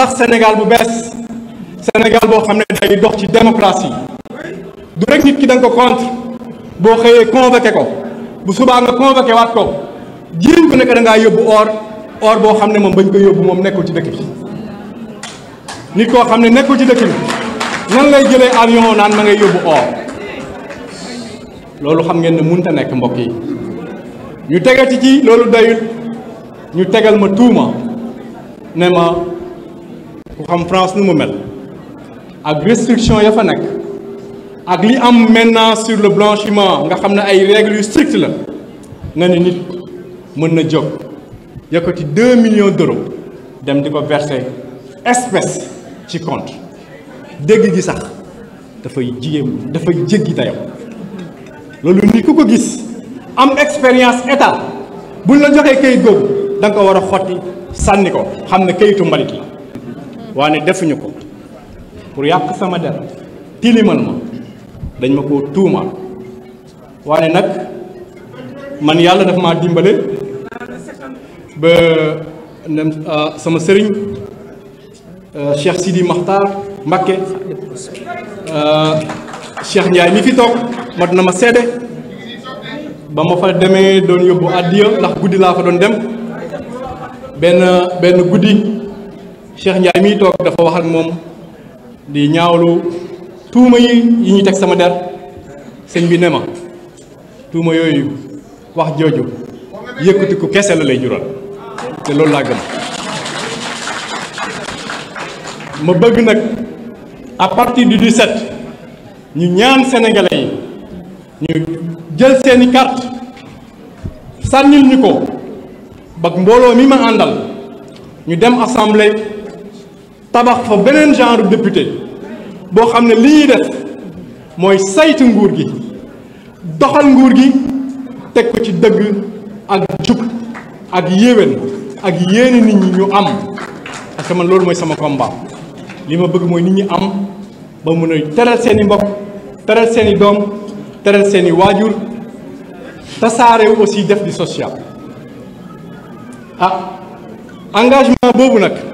tabax Sénégal bu bees Sénégal boo xam ne day dox ci démocratie du rek nit ki da nga ko contre boo xëyee convoqué ko bu subaa nga convoqué waat ko jiiñ ko nekk da ngaa yóbbu or or boo xam ne moom bañ ko yóbbu moom nekkul ci dëkk bi nit koo xam ne nekkul ci dëkk bi nan lay jëlee avion naan ma ngay yóbbu or loolu xam ngeen ne munta nekk mbokk yi ñu tegal ci loolu dayul ñu tegal ma tuuma ne ma ku xam France nu mu mel ak restriction ya fa nag ak li am maintenant sur le blanchiment nga xam ne ay règles yu strict la nga ne nit mën na jóg yëkkati deux millions d'euros dem di ko verser espèce ci compte dégg gi sax dafay jigéen dafay jéggi dayam loolu nit ku ko gis am expérience état buñ la joxee kayit googu da ko war a xotti sànni ko xam ne kayitu mbalit la waane defuñu ko pour yàq sama der tilimal ma dañ ma koo tuumaal waane nag man yàlla dafa ma dimbale ba ah, sama sëriñ ah, Cheikh Sidi Makhtar Mbacké ah, Cheikh Ndiaye mi fi toog mat na ma seede ba ma fa demee doon yóbbu àddiya ndax guddi laa fa doon dem benn benn guddi Cheikh Ndiaye mii toog dafa wax ak moom di ñaawlu tuuma yi yi ñu teg sama der sëñ bi ne ma tuuma yooyu wax jooju yëkkati ko kese la lay jural te loolu laa gëm ma bëgg nag à partir du set ñu ñaan sénégalais yi ñu jël seeni carte sànnil ñu ko ba mbooloo mi ma àndal ñu dem assemblée tabax fa beneen genre député boo xam ne li ñuy def mooy saytu nguur gi doxal nguur gi teg ko ci dëgg ak jub ak yéwén ak yéene nit ñi ñu am parce que man loolu mooy sama combat li ma bëgg mooy nit ñi am ba mun a teral seen i mbokk teral seeni doom teral seeni i waajur tasaarew aussi def di social ah engagement boobu nag